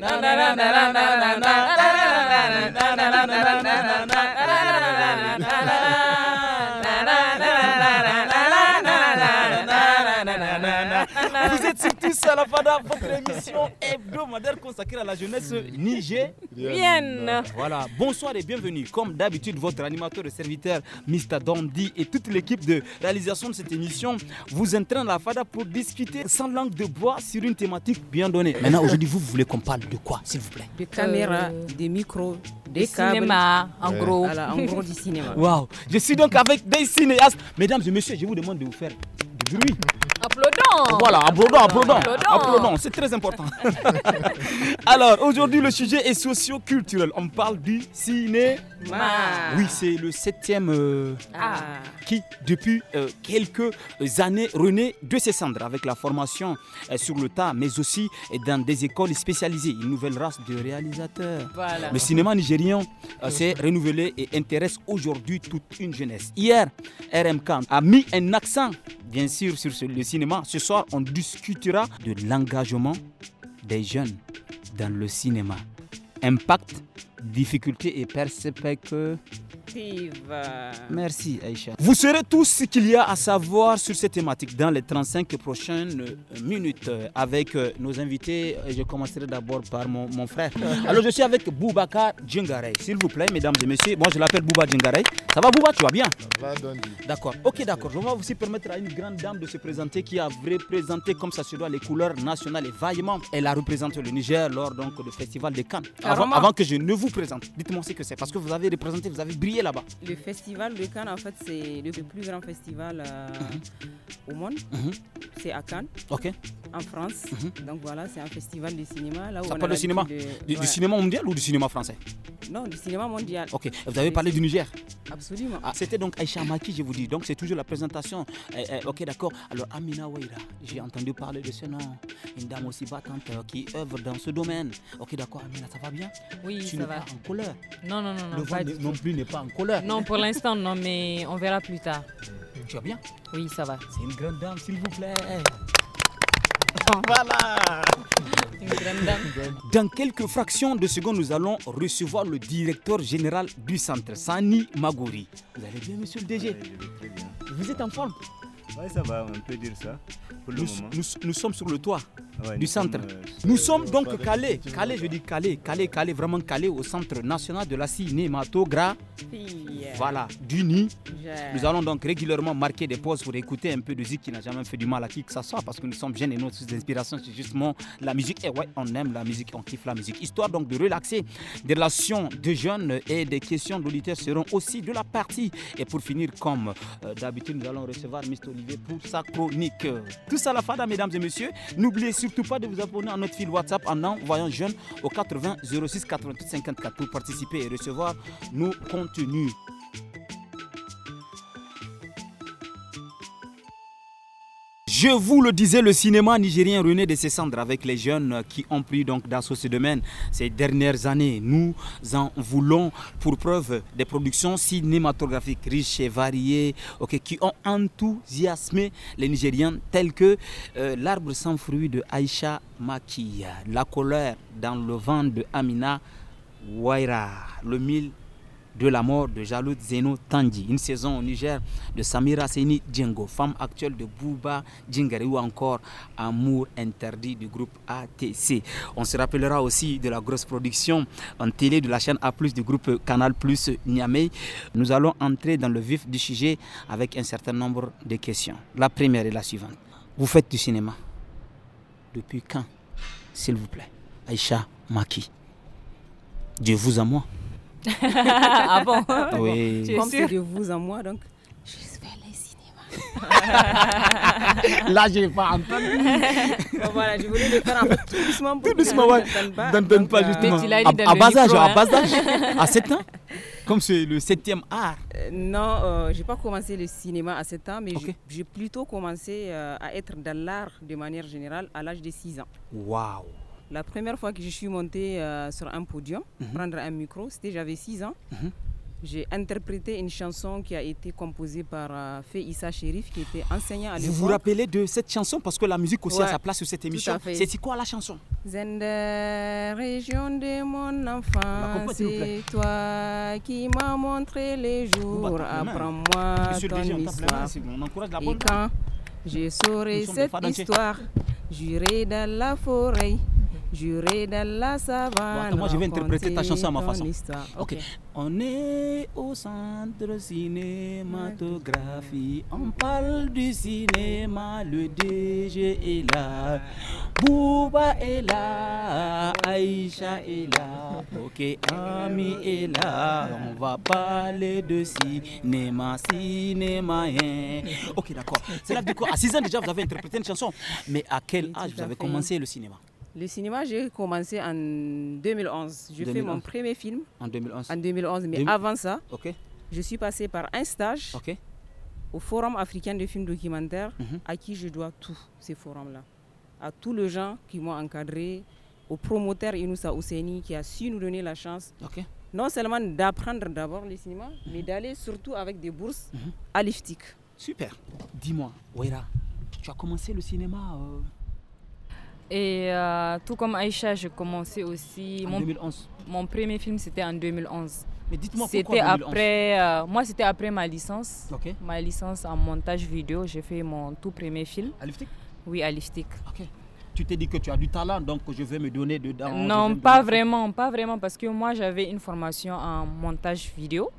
na na na na na na na na c'est tout ça la FADA, votre émission hebdomadaire consacrée à la jeunesse nigérienne. Voilà, bonsoir et bienvenue. Comme d'habitude, votre animateur et serviteur, Mr. Dondi, et toute l'équipe de réalisation de cette émission vous entraîne à la FADA pour discuter sans langue de bois sur une thématique bien donnée. Maintenant, aujourd'hui, vous voulez qu'on parle de quoi, s'il vous plaît Des caméras, euh, des micros, des, cinémas, en gros. en gros, du cinéma. Waouh Je suis donc avec des cinéastes. Mesdames et messieurs, je vous demande de vous faire du bruit. Applaudissements. Voilà, applaudons, applaudons. c'est très important. Alors, aujourd'hui, le sujet est socio-culturel. On parle du cinéma. Oui, c'est le septième euh, ah. qui, depuis euh, quelques années, renaît de ses cendres avec la formation euh, sur le tas, mais aussi dans des écoles spécialisées. Une nouvelle race de réalisateurs. Le cinéma nigérian s'est renouvelé et intéresse aujourd'hui toute une jeunesse. Hier, RMK a mis un accent, bien sûr, sur le cinéma, soir, on discutera de l'engagement des jeunes dans le cinéma. Impact difficultés et perspectives. Merci Aïcha. Vous saurez tout ce qu'il y a à savoir sur ces thématiques dans les 35 prochaines minutes avec euh, nos invités. Je commencerai d'abord par mon, mon, frère. Alors je suis avec Boubacar Djingarei. S'il vous plaît, mesdames et messieurs, moi je l'appelle Bouba Djingarei. Ça va Bouba, tu vas bien D'accord. Ok, d'accord. Je vais aussi permettre à une grande dame de se présenter qui a représenté comme ça se doit les couleurs nationales et vaillamment. Elle a représenté le Niger lors donc du festival de Cannes. Avant, avant que je ne vous Dites-moi ce que c'est, parce que vous avez représenté, vous avez brillé là-bas. Le festival de Cannes, en fait, c'est le plus grand festival euh, uh-huh. au monde. Uh-huh. C'est à Cannes, Ok. en France. Uh-huh. Donc voilà, c'est un festival de cinéma. Là où Ça on parle a de cinéma Du, cinéma mondial ou du cinéma français Non, du cinéma mondial. Ok, vous avez parlé du Niger Absolument. Ah, c'était donc Aïcha Maki, je vous dis. Donc c'est toujours la présentation. Eh, eh, ok, d'accord. Alors Amina Waira, j'ai entendu parler de ce nom. Une dame aussi battante euh, qui œuvre dans ce domaine. Ok, d'accord, Amina, ça va bien Oui, ça va en couleur. Non, non, non. Le non, non plus n'est pas en couleur. Non, pour l'instant, non, mais on verra plus tard. Tu vas bien Oui, ça va. C'est une grande dame, s'il vous plaît. Voilà Une grande dame. Dans quelques fractions de secondes, nous allons recevoir le directeur général du centre, Sani Magouri. Vous allez bien, monsieur le DG Vous êtes en forme oui, ça va, on peut dire ça. nous, sommes sur le toit du centre. nous sommes euh, donc calés, calés, je dis calés, calés, calés, vraiment calés au centre national de la cinématographie. Voilà, du nid. Nous allons donc régulièrement marquer des pauses pour écouter un peu de Zik qui n'a jamais fait du mal à qui que ce soit parce que nous sommes jeunes et notre source d'inspiration, c'est justement la musique. Et ouais, on aime la musique, on kiffe la musique. Histoire donc de relaxer des relations de jeunes et des questions d'auditeurs seront aussi de la partie. Et pour finir, comme euh, d'habitude, nous allons recevoir Mr pour sa chronique. Tout ça la fin mesdames et messieurs. N'oubliez surtout pas de vous abonner à notre fil WhatsApp en envoyant jeune au 80 06 88 54 pour participer et recevoir nos contenus. Je vous le disais, le cinéma nigérien renaît de ses cendres avec les jeunes qui ont pris donc d'assaut ce domaine ces dernières années. Nous en voulons pour preuve des productions cinématographiques riches et variées qui ont enthousiasmé les Nigériens tels que euh, L'arbre sans fruit de Aïcha Maki, La colère dans le vent de Amina Waira, Le mille de la mort de Jaloud Zeno Tandi, une saison au Niger de Samira Seni Djengo, femme actuelle de Bouba Djingari ou encore Amour interdit du groupe ATC. On se rappellera aussi de la grosse production en télé de la chaîne A+, du groupe Canal+, Niamey. Nous allons entrer dans le vif du sujet avec un certain nombre de questions. La première est la suivante. Vous faites du cinéma depuis quand, s'il vous plaît Aïcha Maki. Dieu vous à moi. ah bon Oui. Comme c'est de vous en moi, donc je vais aller cinéma. Là, je n'ai pas entendu. bon, voilà, je voulais le faire un peu tout doucement. Tout doucement, ouais. D'un pas, euh, justement. à, à hein? bas âge, à bas âge, à 7 ans comme c'est le 7e art euh, Non, euh, je n'ai pas commencé le cinéma à 7 ans, mais j'ai plutôt commencé à être dans l'art de manière générale à l'âge de 6 ans. Waouh la première fois que je suis montée euh, sur un podium, mhm. prendre un micro, c'était j'avais 6 ans. Mhm. J'ai interprété une chanson qui a été composée par euh, Fé qui était enseignant à l'école. Vous vous rappelez de cette chanson parce que la musique aussi a sa place sur cette émission. C'était quoi la chanson Zender, région de mon enfant c'est toi qui m'as montré les bah, jours. Apprends-moi ton histoire. Et quand je saurai cette histoire, j'irai dans la forêt. Juré dans la savane. moi, je vais interpréter ta chanson à ma façon. ok. On est au centre cinématographie. On parle du cinéma. Le DG est là. Bouba est là. Aïcha est là. Ok, Ami est là. On va parler de cinéma, cinéma. Hein. Ok, d'accord. C'est là du coup, à 6 ans déjà, vous avez interprété une chanson. Mais à quel âge vous avez commencé le cinéma le cinéma, j'ai commencé en 2011. Je fais mon premier film. En 2011 En 2011, mais avant ça, je suis passé par un stage au Forum africain de films documentaires, mhm. à qui je dois tout, ces forums-là. À tous les gens qui m'ont encadré, au promoteur Inoussa Ouseni qui a su nous donner la chance non seulement d'apprendre d'abord le cinéma, mhm. mais d'aller surtout avec des bourses mhm. à l'IFTIC. Super. Dis-moi, Wera, tu as commencé le cinéma euh, et euh, tout comme Aïcha, j'ai commencé aussi. En mon, 2011. Mon premier film, c'était en 2011. Mais dites-moi pourquoi C'était après, euh, moi, c'était après ma licence. Ma licence en montage vidéo, j'ai fait mon tout premier film. À Liftik Oui, à Liftik. Ok. Tu t'es dit que tu as du talent, donc je vais me donner dedans. Non, pas vraiment, pas vraiment, parce que moi, j'avais une formation en montage vidéo.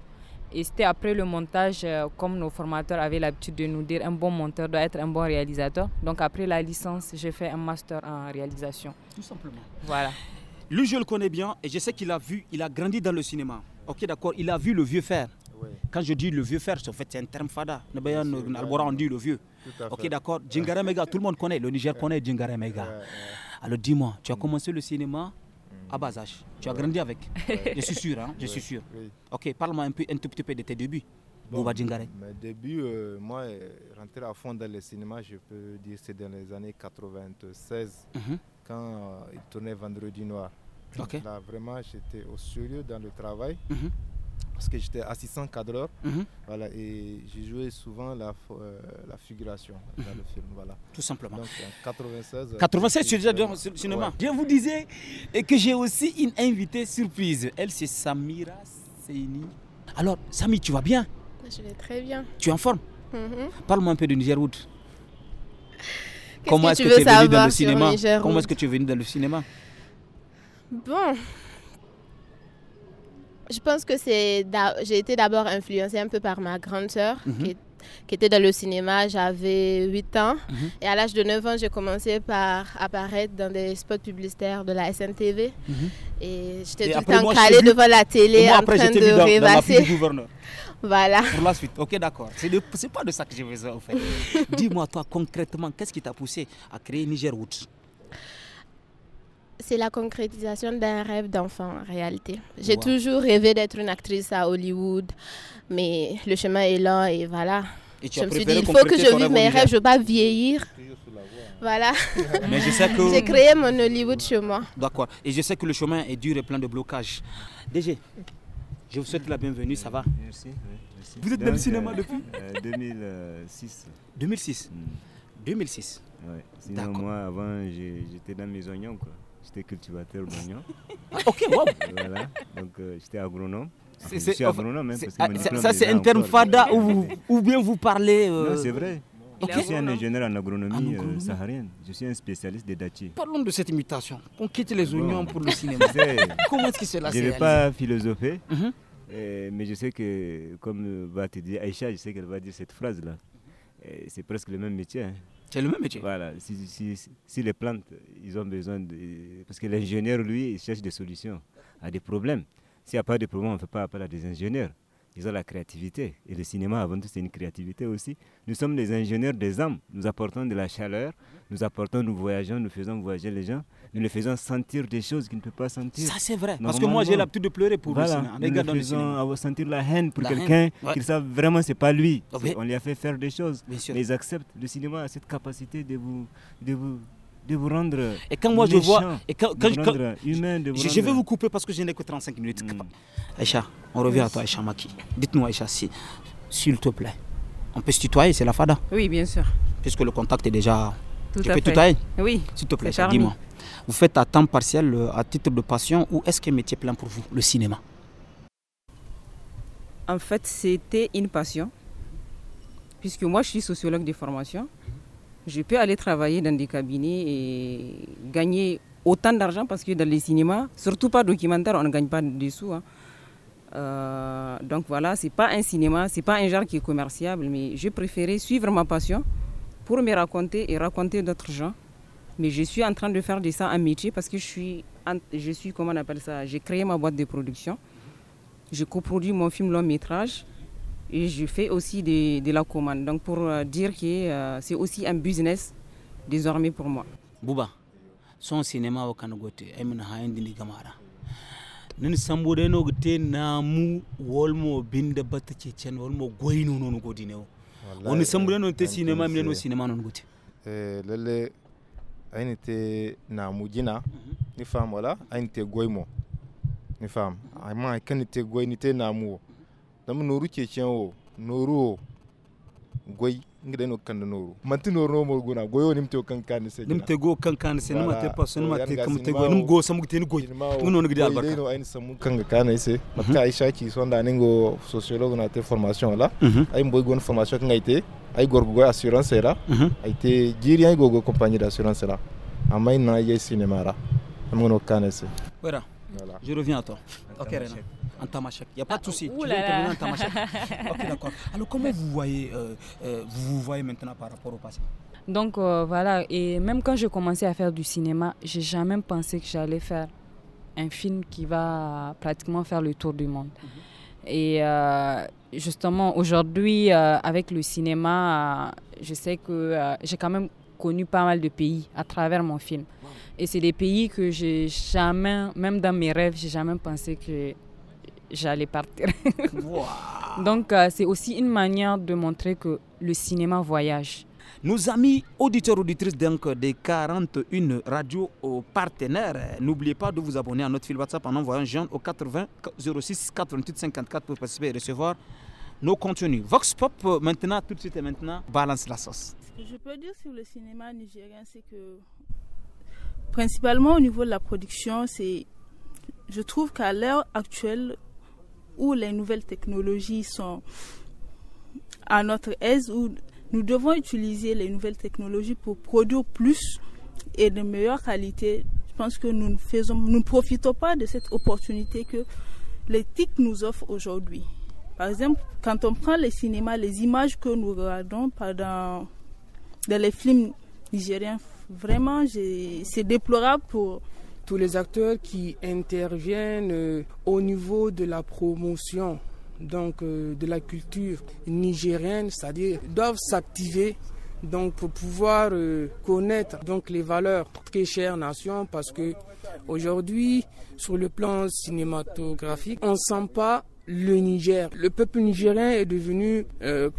Et c'était après le montage, euh, comme nos formateurs avaient l'habitude de nous dire, un bon monteur doit être un bon réalisateur. Donc après la licence, j'ai fait un master en réalisation. Tout simplement. Voilà. Lui, je le connais bien et je sais qu'il a vu, il a grandi dans le cinéma. Ok, d'accord, il a vu le vieux faire. Quand je dis le vieux faire, en fait, c'est un terme fada. on dit le vieux. Ok, d'accord. Djingare Mega, tout le monde connaît. Le Niger connaît Djingare Mega. Alors dis-moi, tu as commencé le cinéma à bas âge. Tu as grandi avec. Je suis sûr, hein? je suis sûr. Ok, parle-moi un, peu, un tout petit peu de tes débuts. mes débuts, euh, moi, euh, rentrer à fond dans le cinéma, je peux dire c'est dans les années 96, mhm. quand euh, il tournait Vendredi Noir. Là, vraiment, j'étais au sérieux dans le travail. Mhm parce que j'étais assistant cadreur. Mhm. Voilà, et j'ai joué souvent la, euh, la figuration dans mhm. le film. Voilà. Tout simplement. Donc, en 96. 96, euh, tu es déjà dans le cinéma. Je vous disais que j'ai aussi une invitée surprise. Elle, c'est Samira Seini. Alors, Sami, tu vas bien Je vais très bien. Tu es en forme mhm. Parle-moi un peu de Nigerwood. Comment est-ce que, tu, es venu dans le cinéma Comment est-ce que tu es venu dans le cinéma Bon, je pense que c'est j'ai été d'abord influencée un peu par ma grande sœur mhm. qui, était dans le cinéma. J'avais 8 ans mhm. et à l'âge de 9 ans, j'ai commencé par apparaître dans des spots publicitaires de la SNTV. Mhm. Et j'étais tout le temps calée devant la télé en train de rêvasser. Voilà. Pour la suite, ok, d'accord. Ce n'est pas de ça que j'ai besoin, en fait. Dis-moi, toi, concrètement, qu'est-ce qui t'a poussé à créer Niger Woods c'est la concrétisation d'un rêve d'enfant en réalité. J'ai toujours rêvé d'être une actrice à Hollywood, mais le chemin est là et voilà. je me suis dit, il faut que je vive mes rêves, je ne veux pas vieillir. Hein. Voilà. sais J'ai créé mon Hollywood chez moi. D'accord. Et je sais que le chemin est dur et plein de blocages. DG, je vous souhaite la bienvenue, ça va Merci. Vous êtes dans le cinéma euh, depuis 2006. 2006 2006 Ouais. Sinon, moi, avant, j'étais dans mes oignons, quoi. J'étais cultivateur d'oignons. Ah, ok, wow. Voilà. Donc, euh, j'étais agronome. C'est, je suis agronome, même hein, parce que ah, mon Ça, c'est un terme fada euh, ou, bien vous parlez. Euh, non, c'est vrai. Je suis un ingénieur en agronomie, saharienne. Je suis un spécialiste des dattiers. Parlons de cette imitation. On quitte les oignons pour le cinéma. Comment est-ce que cela Je ne vais pas philosopher, mhm. mais je sais que, comme va te dire Aïcha, je sais qu'elle va dire cette phrase-là. C'est presque le même métier. Hein. C'est le même métier. Voilà. Si, les plantes, ils ont besoin de. Parce que l'ingénieur, lui, il cherche des solutions à des problèmes. S'il n'y a pas de problème, on ne fait pas appel à des ingénieurs. Ils ont la créativité. Et le cinéma, avant tout, c'est une créativité aussi. Nous sommes des ingénieurs des âmes. Nous apportons de la chaleur, nous apportons, nous voyageons, nous faisons voyager les gens nous le faisons sentir des choses qu'il ne peut pas sentir. Ça, c'est vrai. Parce que moi, j'ai l'habitude de pleurer pour voilà, le cinéma. Nous sentir la haine pour quelqu'un ouais. savent vraiment c'est pas lui. On lui a fait faire des choses. Mais ils acceptent. Le cinéma a cette capacité de vous, de vous de vous rendre et quand moi je vois de humain, je, vais vous couper parce que je n'ai que 35 minutes hmm. Aïcha on revient à toi Aïcha Maki dites-nous Aïcha s'il te plaît on peut se tutoyer c'est la fada oui bien sûr puisque le contact est déjà oui. S'il te plaît, dis-moi. Vous faites à temps partiel, euh, à titre de passion, ou est-ce qu'un métier plein pour vous, le cinéma En fait, c'était une passion. Puisque moi, je suis sociologue de formation. Je peux aller travailler dans des cabinets et gagner autant d'argent parce que dans les cinémas, surtout pas documentaire, on ne gagne pas de sous. Hein. Euh, donc voilà, c'est pas un cinéma, c'est pas un genre qui est commercial mais j'ai préféré suivre ma passion pour me raconter et raconter d'autres gens. Mais je suis en train de faire de ça un métier parce que je suis, je suis comment on appelle ça, j'ai créé ma boîte de production. Je coproduis mon film long métrage et je fais aussi de, la commande. Donc pour euh, dire que euh, c'est aussi un business désormais pour moi. Bouba, son cinéma au woni sambure non te cinéma mine no cinéma non gote eh lalle aini te na mujina mhm. ni fam wala aini te goymo ni fam amma kani te goy ni te na mu mhm. dam noru ce o wo noru goy ngide no kan no manti no no guna goyo nim te se nim go kan se nim te paso nim te kam go nim go sam gite ni goy nim no ngide albarka no samu kanga kan se matka aisha ki so nda ningo sociologue na te formation la mhm. ay mboy gon formation kan ngaite ay gor go assurance era mhm. ay te jiri ay go go compagnie d'assurance la amay na ye cinéma ra am ngono kan se voilà je reviens à toi ok Rena en Tamashek. Il n'y a pas de ah, souci. Tu en Tamashek Ok, d'accord. Alors, comment vous voyez, euh, euh, vous, vous voyez maintenant par rapport au passé Donc, euh, voilà. Et même quand j'ai commencé à faire du cinéma, j'ai jamais pensé que j'allais faire un film qui va pratiquement faire le tour du monde. Mhm. Et justement, aujourd'hui, avec le cinéma, je sais que j'ai quand même connu pas mal de pays à travers mon film. Et c'est des pays que j'ai jamais, même dans mes rêves, j'ai jamais pensé que j'allais partir. Donc euh, c'est aussi une manière de montrer que le cinéma voyage. Nos amis auditeurs, auditrices donc des 41 radios partenaires, n'oubliez pas de vous abonner à notre fil WhatsApp en envoyant Jean au 80 06 88 54 pour participer et recevoir nos contenus. Vox Pop, euh, maintenant, tout de suite et maintenant, balance la sauce. Ce que je peux dire sur le cinéma nigérien, c'est que principalement au niveau de la production, c'est, je trouve qu'à l'heure actuelle, où les nouvelles technologies sont à notre aise, où nous devons utiliser les nouvelles technologies pour produire plus et de meilleure qualité. Je pense que nous ne, faisons, nous profitons pas de cette opportunité que l'éthique nous offre aujourd'hui. Par exemple, quand on prend les cinémas, les images que nous regardons pendant, dans les films nigériens, vraiment, c'est déplorable pour tous les acteurs qui interviennent euh, au niveau de la promotion donc euh, de la culture nigérienne, c'est-à-dire doivent s'activer donc pour pouvoir euh, connaître donc les valeurs très chère nation parce que aujourd'hui sur le plan cinématographique on sent pas le Niger le peuple nigérien est devenu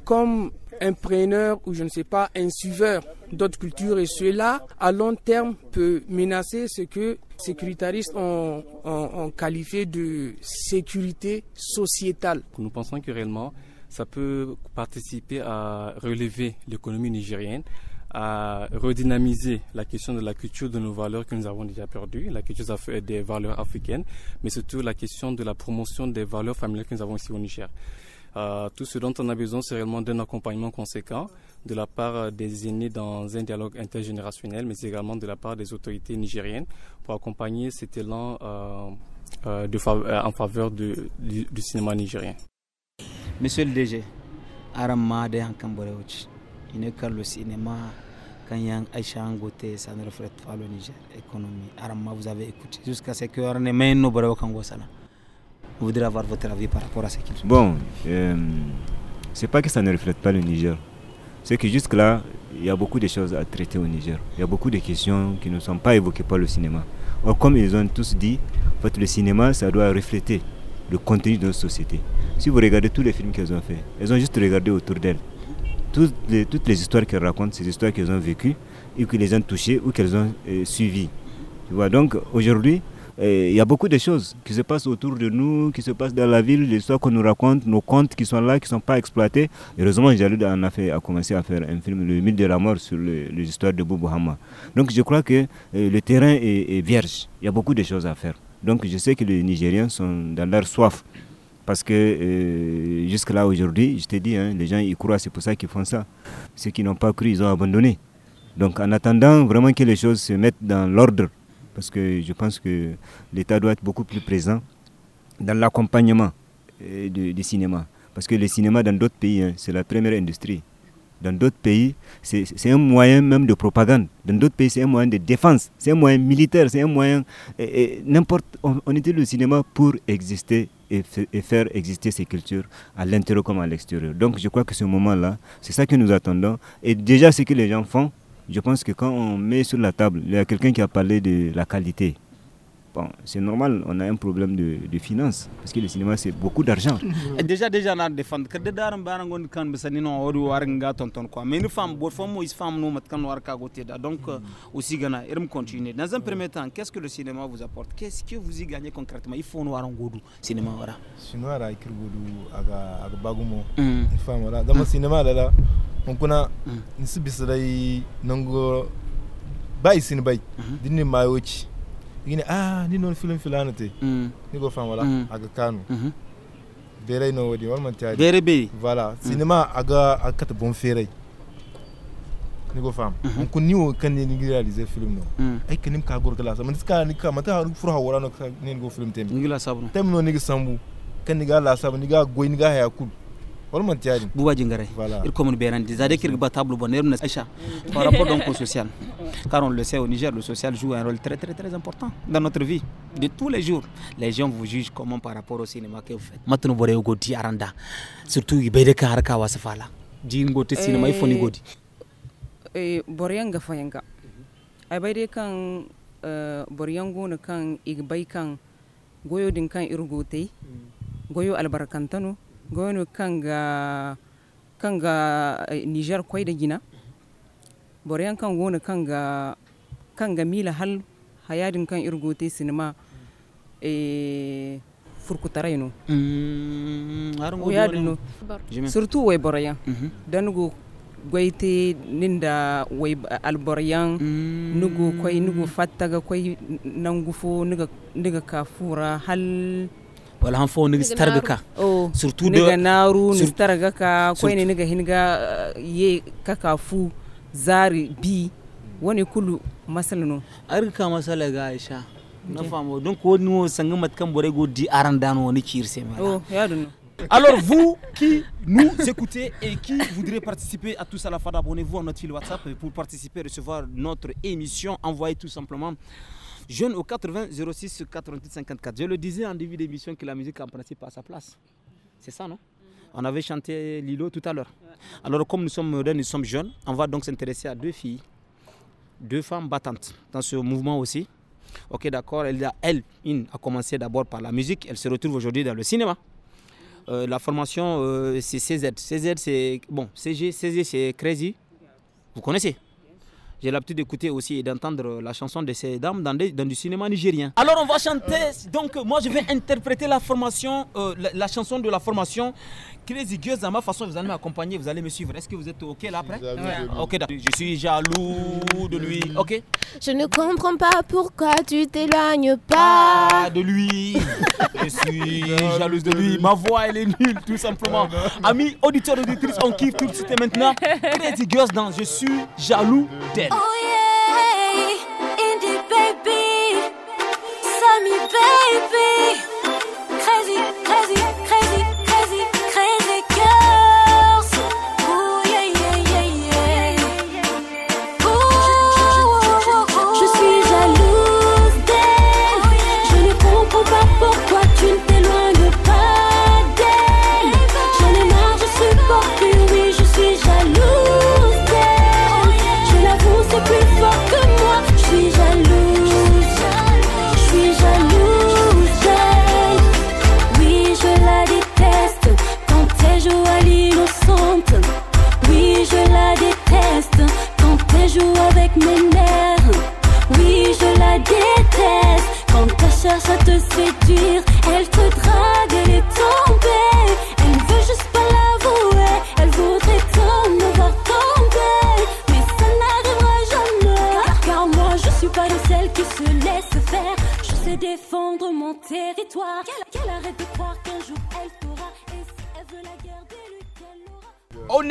comme un preneur ou je ne sais pas, un suiveur d'autres cultures. Et cela, à long terme, peut menacer ce que sécuritaristes ont, ont qualifié de sécurité sociétale. Nous pensons que réellement, ça peut participer à relever l'économie nigérienne à redynamiser la question de la culture de nos valeurs que nous avons déjà perdues, la culture des valeurs africaines, mais surtout la question de la promotion des valeurs familiales que nous avons ici au Niger. Euh, tout ce dont on a besoin, c'est réellement d'un accompagnement conséquent de la part euh, des aînés dans un dialogue intergénérationnel, mais également de la part des autorités nigériennes pour accompagner cet élan euh, en faveur du, cinéma nigérien. Monsieur le DG, Aramade en Cambodge, il le cinéma quand Kanyan Aïcha Angote, ça ne reflète pas le Niger, économie. Arama, vous avez écouté jusqu'à ce que nous Kango Sala. Vous voudrez avoir votre avis par rapport à ce qu'il Bon, euh, c'est pas que ça ne reflète pas le Niger. C'est que jusque-là, il y a beaucoup de choses à traiter au Niger. Il y a beaucoup de questions qui ne sont pas évoquées par le cinéma. Or, comme ils ont tous dit, en le cinéma, ça doit refléter le contenu de notre société. Si vous regardez tous les films qu'elles ont fait, elles ont juste regardé autour d'elles. Toutes les, toutes les histoires qu'elles racontent, ces histoires qu'elles ont vécues, ou qui les ont touchées, ou qu'elles ont euh, suivies. Tu vois, donc aujourd'hui, il y a beaucoup de choses qui se passent autour de nous, qui se passent dans la ville, les histoires qu'on nous raconte, nos contes qui sont là, qui ne sont pas exploités. Heureusement, Jalud en a, fait, a commencé à faire un film, Le mythe de la mort, sur l'histoire de Boubou Hama. Donc je crois que euh, le terrain est, vierge. Il y a beaucoup de choses à faire. Donc je sais que les Nigériens sont dans leur soif parce que euh, jusque-là aujourd'hui, je t'ai dit, hein, les gens ils croient, c'est pour ça qu'ils font ça. Ceux qui n'ont pas cru, ils ont abandonné. Donc en attendant vraiment que les choses se mettent dans l'ordre, parce que je pense que l'État doit être beaucoup plus présent dans l'accompagnement euh, du, cinéma. Parce que le cinéma dans d'autres pays, hein, c'est la première industrie. Dans d'autres pays, c'est un moyen même de propagande. Dans d'autres pays, c'est un moyen de défense, c'est un moyen militaire, c'est un moyen... N'importe... On, utilise le cinéma pour exister et, faire exister ces cultures à l'intérieur comme à l'extérieur. Donc je crois que ce moment-là, c'est ça que nous attendons. Et déjà, ce que les gens font, je pense que quand on met sur la table, il y a quelqu'un qui a parlé de la qualité c'est normal, on a un problème de, finances, parce que le cinéma, c'est beaucoup d'argent. Déjà, déjà, on a défendu. Mais nous femme, nous Donc, euh, aussi, Dans un premier temps, qu'est-ce que le cinéma vous apporte Qu'est-ce que vous y gagnez concrètement Il faut nous avoir un cinéma. voilà mm. il il Dans le mm. cinéma, là, on on mm. un c'est une yine ah ni noon film filanate mm. ni go fan wala mm. aga kanu mm-hmm. mm -hmm. bere no wadi wal man tiari bere be voilà cinéma aga akata bon fere ni go fam mm -hmm. on kunni o kan ni réaliser film no mm. ay kanim ka gor kala man ska ni ka mata har furu hawara no ni go film tem ni la sabu tem no ni ga sambu kan ni ga la sabu ni ga goy ni ga haya kul wal mantiyari buwa jingare ir commune bien. zade kir ba table bonheur na mm. par rapport donc au social car on le sait au Niger le social joue un rôle très très très important dans notre vie de tous les jours les gens vous jugent comment par rapport au cinéma que vous faites Matou bore di aranda surtout ibede ka harka wasfala di ngote cinéma ifoni godi eh boryanga fayanga ay bayde kan eh, boryango na kan igbay kan goyo din kan irgotei mm. goyo albarakantano. Eh, kan ga nijar niger da gina boreyan kan ga kan ga mila hal hayadin kan irgote sinima e eh, furkutarayno mm, yadino surtout way boreyan mhm. danugo goyte ninda wai alboryan mm. nugu kwai nugu fattaga kwai nangu fo nuga kafura hal wala han fo niga starga ka oh. surtout de niga naru ni starga ka ko ne niga hinga uh, ye kaka fu zari bi woni kulu masalano arka masala ga aisha na famo donc woni wo sanga mat kam bore go di aran dan woni kirse ma oh ya Alors vous qui nous écoutez et qui voudrez participer à tous à la fada, abonnez-vous à notre fil WhatsApp pour participer et recevoir notre émission. Envoyez tout simplement Jeune au 80 06 88 54. Je le disais en début d'émission que la musique en principe a sa place. C'est ça, non On avait chanté Lilo tout à l'heure. Alors comme nous sommes modernes, nous sommes jeunes, on va donc s'intéresser à deux filles, deux femmes battantes dans ce mouvement aussi. Ok, d'accord, elle, elle une, a commencé d'abord par la musique, elle se retrouve aujourd'hui dans le cinéma. Euh, la formation, euh, c'est CZ. CZ, c'est. Bon, CG, CZ, c'est Crazy. Vous connaissez j'ai l'habitude d'écouter aussi et d'entendre la chanson de ces dames dans, du cinéma nigérien. Alors on va chanter, donc moi je vais interpréter la formation, euh, la, chanson de la formation Crazy Girls. À ma façon, vous allez m'accompagner, vous allez me suivre. Est-ce que vous êtes OK là après Ok, je suis jaloux de lui. Mm. Ok Je ne comprends pas pourquoi tu t'éloignes pas. Ah, de lui. je suis jalouse de lui. Ma voix elle est nulle, tout simplement. Ah, Amis auditeurs, auditrices, on kiffe tout de suite et maintenant. Crazy Girls dans Je suis jaloux de Oh yeah, Indie Baby, Sammy Baby, Crazy, Crazy. Oui, je la déteste quand elle joue avec mes nerfs. Oui, je la déteste quand elle cherche à te séduire.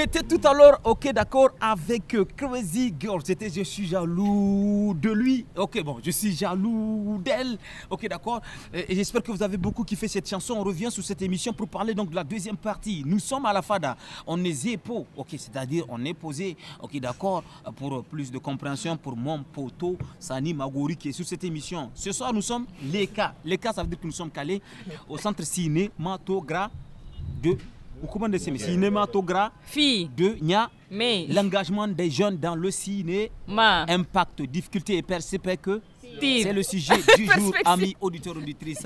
était tout à l'heure, ok, d'accord, avec euh, Crazy Girl. C'était Je suis jaloux de lui. Ok, bon, je suis jaloux d'elle. Ok, d'accord. Euh, et j'espère que vous avez beaucoup kiffé cette chanson. On revient sur cette émission pour parler donc de la deuxième partie. Nous sommes à la FADA. On est Zépo. ok, c'est-à-dire on est posé. Ok, d'accord, euh, pour plus de compréhension pour mon poteau Sani Magouri qui est sur cette émission. Ce soir, nous sommes les cas. Les cas, ça veut dire que nous sommes calés au centre cinématographe de au de cinématographie de Nya, mais l'engagement des jeunes dans le cinéma, impact, difficulté et que C'est le sujet du jour, amis auditeurs, auditrices.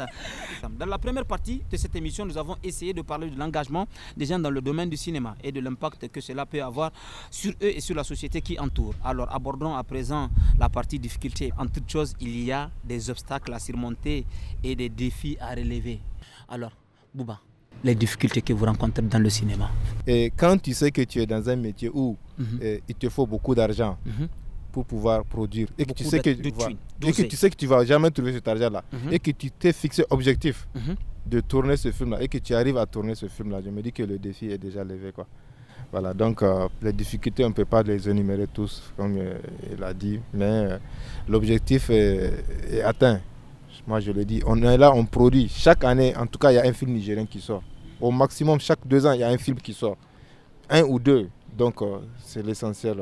Dans la première partie de cette émission, nous avons essayé de parler de l'engagement des jeunes dans le domaine du cinéma et de l'impact que cela peut avoir sur eux et sur la société qui entoure. Alors abordons à présent la partie difficulté. En toute chose, il y a des obstacles à surmonter et des défis à relever. Alors, Bouba, les difficultés que vous rencontrez dans le cinéma Et quand tu sais que tu es dans un métier où mhm. eh, il te faut beaucoup d'argent mhm. pour pouvoir produire et que, tu sais que, tu ne tu sais que tu vas jamais trouver cet argent-là mhm. et que tu t'es fixé objectif de tourner ce film-là et que tu arrives à tourner ce film-là, je me dis que le défi est déjà levé. Quoi. Voilà, donc euh, les difficultés, on ne peut pas les énumérer tous, comme euh, il a dit, mais euh, l'objectif est atteint. Moi, je le dis, on est là, on produit. Chaque année, en tout cas, il y a un film nigérien qui sort. Au maximum, chaque deux ans, il y a un film qui sort. Un ou deux. Donc, euh, c'est l'essentiel.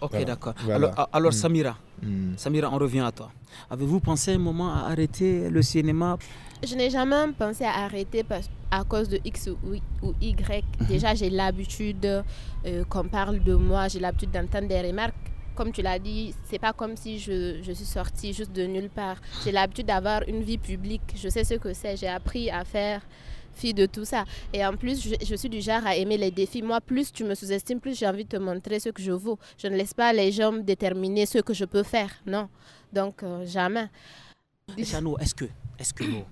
ok, d'accord. Alors, Samira, Samira, on revient à toi. Avez-vous pensé un moment à arrêter le cinéma Je n'ai jamais pensé à arrêter parce, à cause de X ou, Y. Mhm. Déjà, j'ai l'habitude euh, qu'on parle de moi, j'ai l'habitude d'entendre des remarques comme tu l'as dit, c'est pas comme si je, je, suis sortie juste de nulle part. J'ai l'habitude d'avoir une vie publique. Je sais ce que c'est. J'ai appris à faire fi de tout ça. Et en plus, je, suis du genre à aimer les défis. Moi, plus tu me sous-estimes, plus j'ai envie de te montrer ce que je vaux. Je ne laisse pas les gens déterminer ce que je peux faire. Non. Donc, euh, jamais. Chano, est-ce que, est-ce que nous,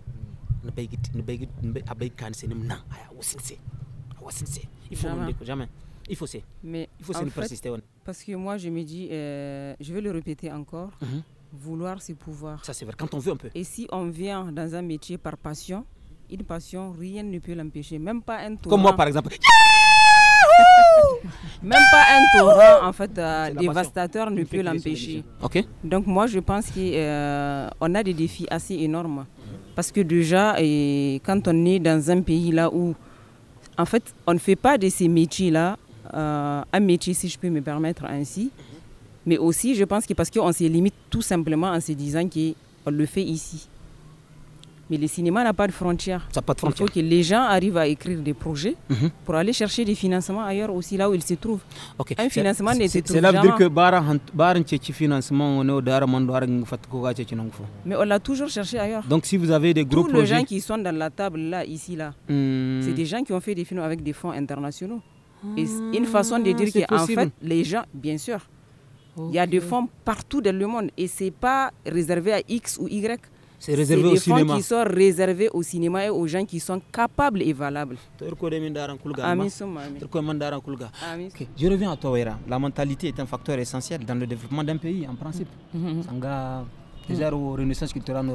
il faut jamais. Il faut c'est. Mais il faut c'est persister. Parce que moi, je me dis, euh, je vais le répéter encore, mhm. vouloir, c'est pouvoir. Ça, c'est vrai, quand on veut un peu. Et si on vient dans un métier par passion, une passion, rien ne peut l'empêcher, même pas un tour. Comme moi, par exemple. Même pas un torrent en fait euh, dévastateur ne peut l'empêcher. Donc moi je pense qu'on euh, a des défis assez énormes parce que déjà quand on est dans un pays là où en fait on ne fait pas de ces métiers là euh, un métier, si je peux me permettre ainsi. Mais aussi, je pense que parce qu'on se limite tout simplement en se disant qu'on le fait ici. Mais le cinéma n'a pas de frontières. Ça pas de Il faut que les gens arrivent à écrire des projets mhm. pour aller chercher des financements ailleurs aussi, là où ils se trouvent. Un financement n'est veut dire que Baran financement, on est au Mais on l'a toujours cherché ailleurs. Donc si vous avez des groupes Tous les gens qui sont dans la table là, ici, là, hmm. c'est des gens qui ont fait des films avec des fonds internationaux. Et une façon de ah, dire que en fait, les gens, bien sûr, il y a des fonds partout dans le monde et ce n'est pas réservé à X ou Y. C'est réservé des au cinéma. qui sont réservés au cinéma et aux gens qui sont capables et valables. Je reviens à Tawera. La mentalité est un facteur essentiel dans le développement d'un pays, en principe. Mm-hmm déjà au hmm. Renaissance culturelle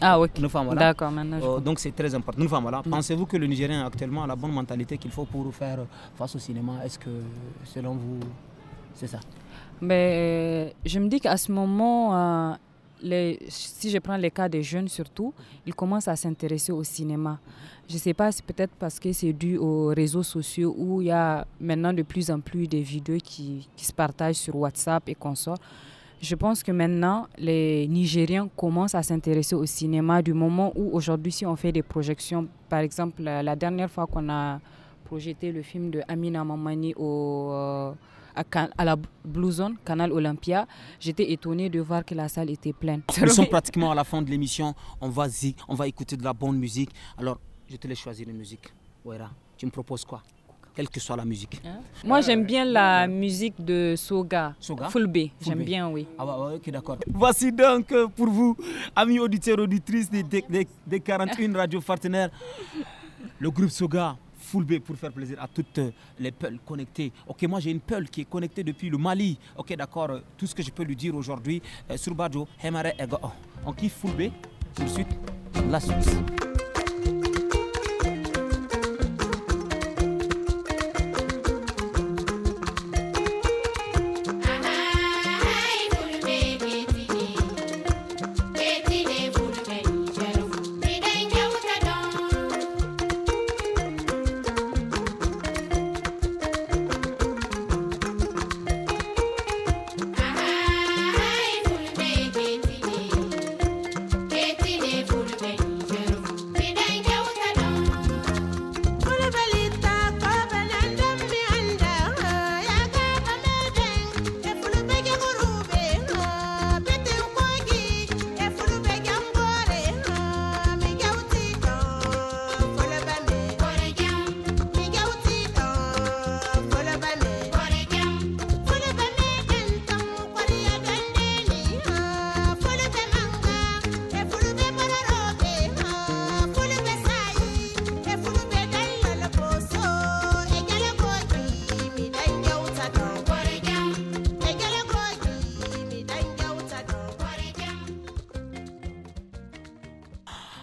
Ah oui, D'accord, euh, donc c'est très important. Nous hmm. Pensez-vous que le Nigérien actuellement a la bonne mentalité qu'il faut pour faire face au cinéma Est-ce que selon vous, c'est ça Mais ben, je me dis qu'à ce moment. Euh, si je prends les cas des jeunes surtout, ils commencent à s'intéresser au cinéma. Je ne sais pas, c'est peut-être parce que c'est dû aux réseaux sociaux où il y a maintenant de plus en plus des vidéos qui, se partagent sur WhatsApp et consorts je pense que maintenant, les Nigériens commencent à s'intéresser au cinéma du moment où aujourd'hui, si on fait des projections, par exemple, la dernière fois qu'on a projeté le film de Amina Mamani au, euh, à, la Blue Zone, Canal Olympia, j'étais étonnée de voir que la salle était pleine. Nous sommes pratiquement à la fin de l'émission, on va on va écouter de la bonne musique. Alors, je te laisse choisir une musique. Ouera, tu me proposes quoi quelle que soit la musique. Hein? Moi, euh, j'aime bien la euh, musique de Soga, Soga? b J'aime bien, oui. Ah, bah, ok, d'accord. Voici donc euh, pour vous, amis auditeurs, auditrices des, des 41 Radio partenaires, le groupe Soga. b pour faire plaisir à toutes les peules connectées. Ok, moi j'ai une peule qui est connectée depuis le Mali. Ok, d'accord. Tout ce que je peux lui dire aujourd'hui euh, sur Bajo, Hemare Ego. On kiffe Fulbé. Tout de suite, la source.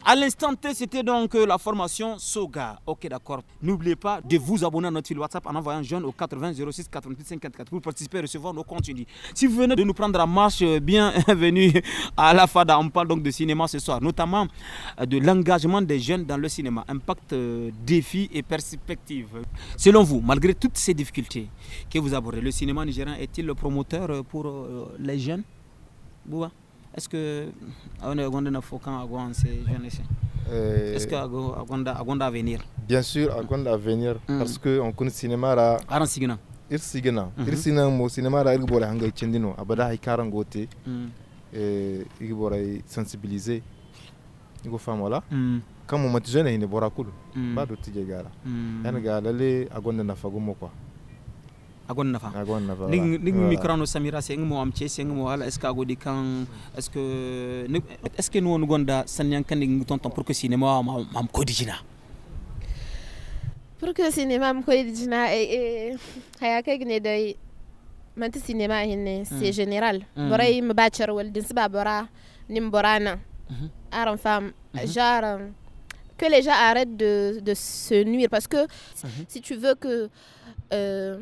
À l'instant T, c'était donc euh, la formation Soga. Ok, d'accord. N'oubliez pas de vous abonner à notre fil WhatsApp en envoyant jeune au 80 06 88 54 pour participer et recevoir nos contenus. Si vous venez de nous prendre en marche, euh, bienvenue à la FADA. On parle donc de cinéma ce soir, notamment euh, de l'engagement des jeunes dans le cinéma. Impact, défi et perspective. Selon vous, malgré toutes ces difficultés que vous abordez, le cinéma nigérien est-il le promoteur pour les jeunes Bouba est-ce que ah, on est gonda fokan agon c'est jeune euh, est-ce que agonda agonda venir bien sûr agonda avenir mm. parce que on connaît cinéma ra aran signa ir signa ir mm-hmm. signa mo cinéma ra ir bora hanga chendino abada hay karan gote mm. euh ir bora sensibiliser igo fam wala mm. kamo mat jeune ne bora kulu ba mm. do tije gara en mm. ga lalle agonda na fagumo quoi agon nafa agon nafa ning ning voilà. micro samira seng mo am che seng mo ala est ce que agodi kan est ce que est ce que nous on gonda sanyan kan ning tonton pour que cinéma ma am kodijina pour que cinéma am kodijina e e haya kay gne dai manta cinéma hinne hmm. c'est général hmm. boray me bachar wal din sba bora nim borana hmm. aram fam genre que les gens arrêtent de, de se nuire parce que si tu veux que euh,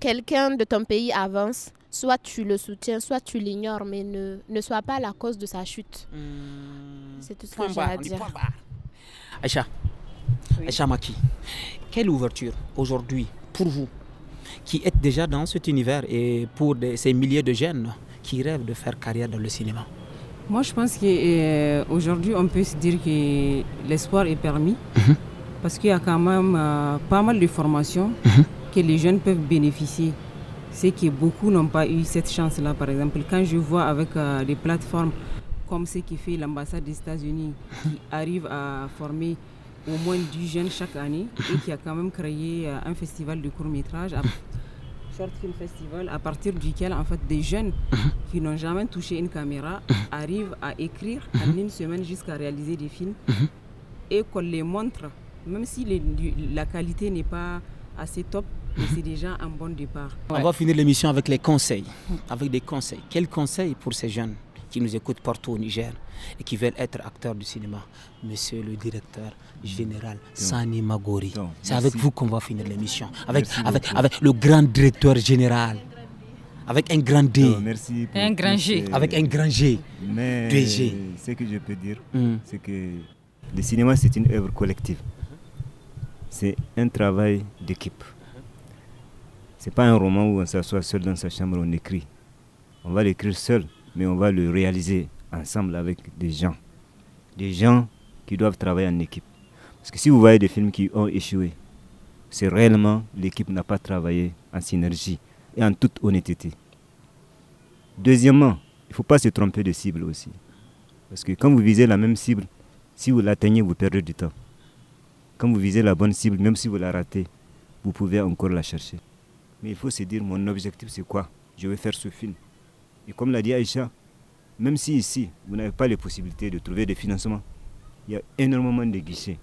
quelqu'un de ton pays avance, soit tu le soutiens, soit tu l'ignores, mais ne, ne sois pas la cause de sa chute. Hmm. C'est tout ce que j'ai à dire. Aïcha, Aïcha Maki, quelle ouverture aujourd'hui pour vous qui êtes déjà dans cet univers et pour ces milliers de jeunes qui rêvent de faire carrière dans le cinéma Moi, je pense qu'aujourd'hui, euh, on peut se dire que l'espoir est permis mhm. parce qu'il y a quand même euh, pas mal de formations. Mhm que les jeunes peuvent bénéficier. C'est que beaucoup n'ont pas eu cette chance-là, par exemple. Quand je vois avec euh, les des plateformes comme ce qui fait l'ambassade des États-Unis, qui arrive à former au moins 10 jeunes chaque année et qui a quand même créé euh, un festival de court-métrage, Short Film Festival, à partir duquel en fait des jeunes qui n'ont jamais touché une caméra arrivent à écrire en une semaine jusqu'à réaliser des films et qu'on les montre, même si la qualité n'est pas assez top, c'est déjà un bon départ. On va finir l'émission avec les conseils. Avec des conseils. Quels conseils pour ces jeunes qui nous écoutent partout au Niger et qui veulent être acteurs du cinéma Monsieur le directeur général Sani Magori. C'est avec vous qu'on va finir l'émission. Avec, le grand directeur général avec un grand D. un grand G. Avec un grand G. Mais ce que je peux dire, hmm. c'est que le cinéma, c'est une œuvre collective. C'est un travail d'équipe. C'est pas un roman où on s'assoit seul dans sa chambre, on écrit. On va l'écrire seul, mais on va le réaliser ensemble avec des gens. Des gens qui doivent travailler en équipe. Parce que si vous voyez des films qui ont échoué, c'est réellement l'équipe n'a pas travaillé en synergie et en toute honnêteté. Deuxièmement, il ne faut pas se tromper de cible aussi. Parce que quand vous visez la même cible, si vous l'atteignez, vous perdez du temps. Quand vous visez la bonne cible, même si vous la ratez, vous pouvez encore la chercher. Mais il faut se dire, mon objectif, c'est quoi Je vais faire ce film. Et comme l'a dit Aïcha, même si ici, vous n'avez pas les possibilités de trouver des financements, il y a énormément de guichets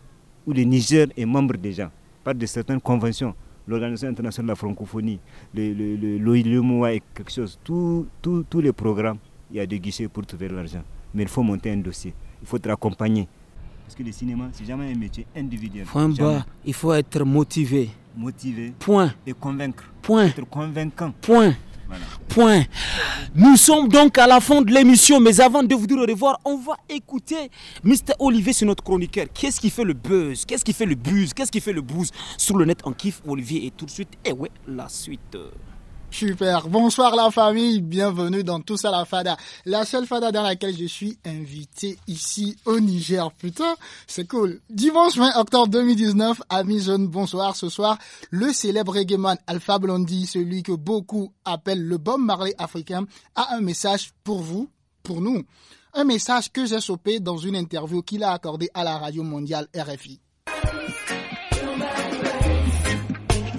où le Niger est membre déjà, par de certaines conventions. L'Organisation internationale de la francophonie, l'OILUMOA et quelque chose, tous les programmes, il y a des guichets pour trouver l'argent. Mais il faut monter un dossier, il faut être accompagné. Parce que le cinéma, c'est jamais un métier individuel. il faut être motivé motiver, point. et convaincre, point. être convaincant. Point. Voilà. Point. Nous sommes donc à la fin de l'émission, mais avant de vous dire au revoir, on va écouter Mr. Olivier, sur notre chroniqueur. Qu'est-ce qui fait le buzz Qu'est-ce qui fait le buzz Qu'est-ce qui fait le buzz Sur le net, on kiffe Olivier et tout de suite, et eh ouais, la suite. Super. Bonsoir la famille, bienvenue dans Tous à la Fada. La seule Fada dans laquelle je suis invité ici au Niger. Putain, c'est cool. Dimanche 20 octobre 2019, amis jeunes, bonsoir. Ce soir, le célèbre reggae Alpha Blondie, celui que beaucoup appellent le Bob Marley africain, a un message pour vous, pour nous. Un message que j'ai chopé dans une interview qu'il a accordée à la radio mondiale RFI.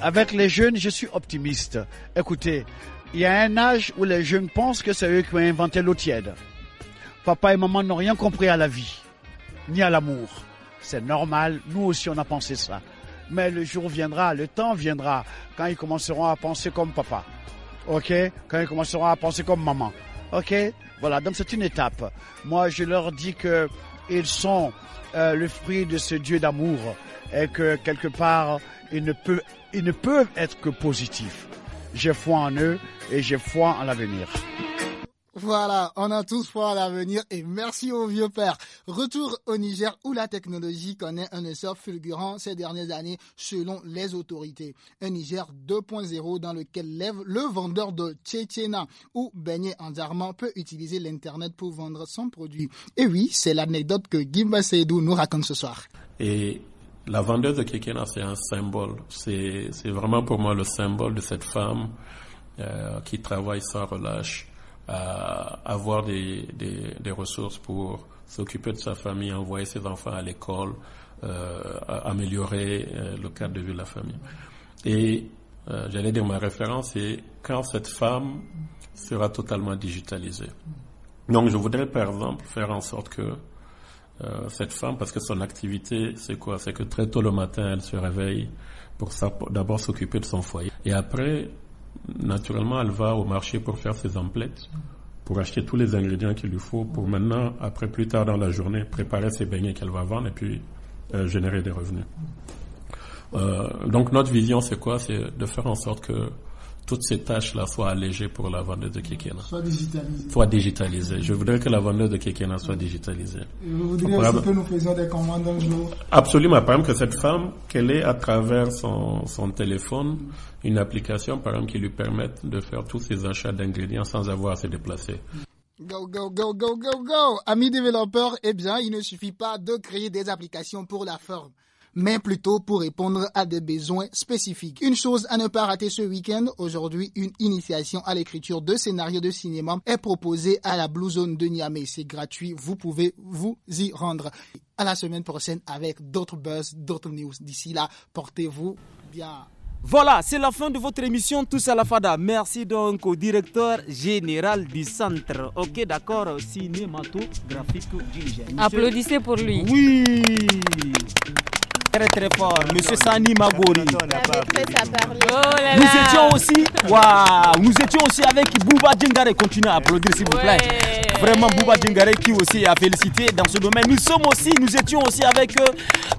Avec les jeunes, je suis optimiste. Écoutez, il y a un âge où les jeunes pensent que c'est eux qui ont inventé l'eau tiède. Papa et maman n'ont rien compris à la vie, ni à l'amour. C'est normal, nous aussi on a pensé ça. Mais le jour viendra, le temps viendra, quand ils commenceront à penser comme papa. OK Quand ils commenceront à penser comme maman. OK Voilà, donc c'est une étape. Moi, je leur dis que ils sont euh, le fruit de ce Dieu d'amour et que quelque part, il ne peut ils ne peuvent être que positifs. J'ai foi en eux et j'ai foi en l'avenir. Voilà, on a tous foi à l'avenir et merci au vieux père. Retour au Niger où la technologie connaît un essor fulgurant ces dernières années selon les autorités. Un Niger 2.0 dans lequel lève le vendeur de Tchétchéna ou Beignet en peut utiliser l'Internet pour vendre son produit. Et oui, c'est l'anecdote que Gimba Seydou nous raconte ce soir. Et la vendeuse de Kekena, c'est un symbole. C'est vraiment pour moi le symbole de cette femme euh, qui travaille sans relâche à avoir des, ressources pour s'occuper de sa famille, envoyer ses enfants à l'école, euh, améliorer euh, le cadre de vie de la famille. Et j'allais dire ma référence, c'est quand cette femme sera totalement digitalisée. Donc je voudrais par exemple faire en sorte que euh, cette femme parce que son activité, c'est quoi C'est que très tôt le matin, elle se réveille pour d'abord s'occuper de son foyer. Et après, naturellement, elle va au marché pour faire ses emplettes, pour acheter tous les ingrédients qu'il lui faut, pour maintenant, après plus tard dans la journée, préparer ses beignets qu'elle va vendre et puis euh, générer des revenus. Euh, donc notre vision, c'est quoi C'est de faire en sorte que toutes ces tâches-là soient allégées pour la vendeuse de Kekena. Soit digitalisée. Soit digitalisée. Je voudrais que la vendeuse de Kekena soit digitalisée. Et vous voudriez aussi que nous faisions des commandes un jour Absolument. Par exemple, que cette femme, qu'elle ait à travers son, téléphone une application, par exemple, qui lui permette de faire tous ses achats d'ingrédients sans avoir à se déplacer. Go, go, go, go, go, go Amis développeurs, eh bien, il ne suffit pas de créer des applications pour la forme mais plutôt pour répondre à des besoins spécifiques. Une chose à ne pas rater ce week-end, aujourd'hui, une initiation à l'écriture de scénarios de cinéma est proposée à la Blue Zone de Niamey. C'est gratuit, vous pouvez vous y rendre. À la semaine prochaine avec d'autres buzz, d'autres news. D'ici là, portez-vous bien. Voilà, c'est la fin de votre émission Tous à la Fada. Merci donc au directeur général du centre, ok, d'accord, cinématographique du Applaudissez pour lui. Oui très fort, Monsieur Sani Magori. Oh nous étions aussi, waouh, nous étions aussi avec Bouba djingare Continuez à applaudir s'il vous plaît. Vraiment Bouba Djingare qui aussi a félicité dans ce domaine. Nous sommes aussi, nous étions aussi avec euh,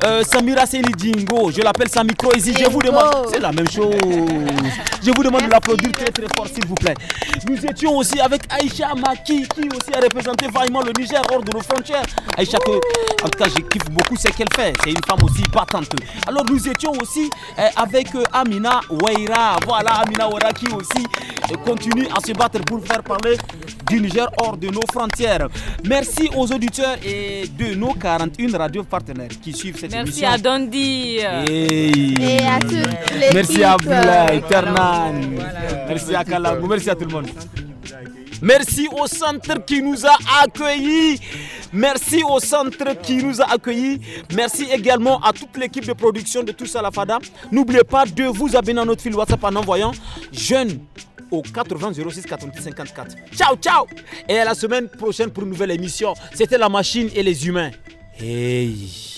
euh Samira Selidjingo Je l'appelle Sami Croisi. Je vous demande, c'est la même chose. Je vous demande de l'applaudir très très fort s'il vous plaît. Nous étions aussi avec Aïcha Maki qui aussi a représenté vaillamment le Niger hors de nos frontières. Aïcha que, en tout cas, je kiffe beaucoup ce qu'elle fait. C'est une femme aussi pas alors nous étions aussi eh, avec euh, Amina Ouaira. Voilà Amina Waira qui aussi eh, continue à se battre pour faire parler du Niger hors de nos frontières. Merci aux auditeurs et de nos 41 radios partenaires qui suivent cette émission. Merci à Dondi. Et à tous. Merci à vous, Ternan. Merci à Kalabou, Merci à tout le monde. Merci au centre qui nous a accueillis. Merci au centre qui nous a accueillis. Merci également à toute l'équipe de production de Tous à la Fada. N'oubliez pas de vous abonner à notre fil WhatsApp en envoyant jeune au 80 06 Ciao, ciao Et à la semaine prochaine pour une nouvelle émission. C'était La Machine et les Humains. Hey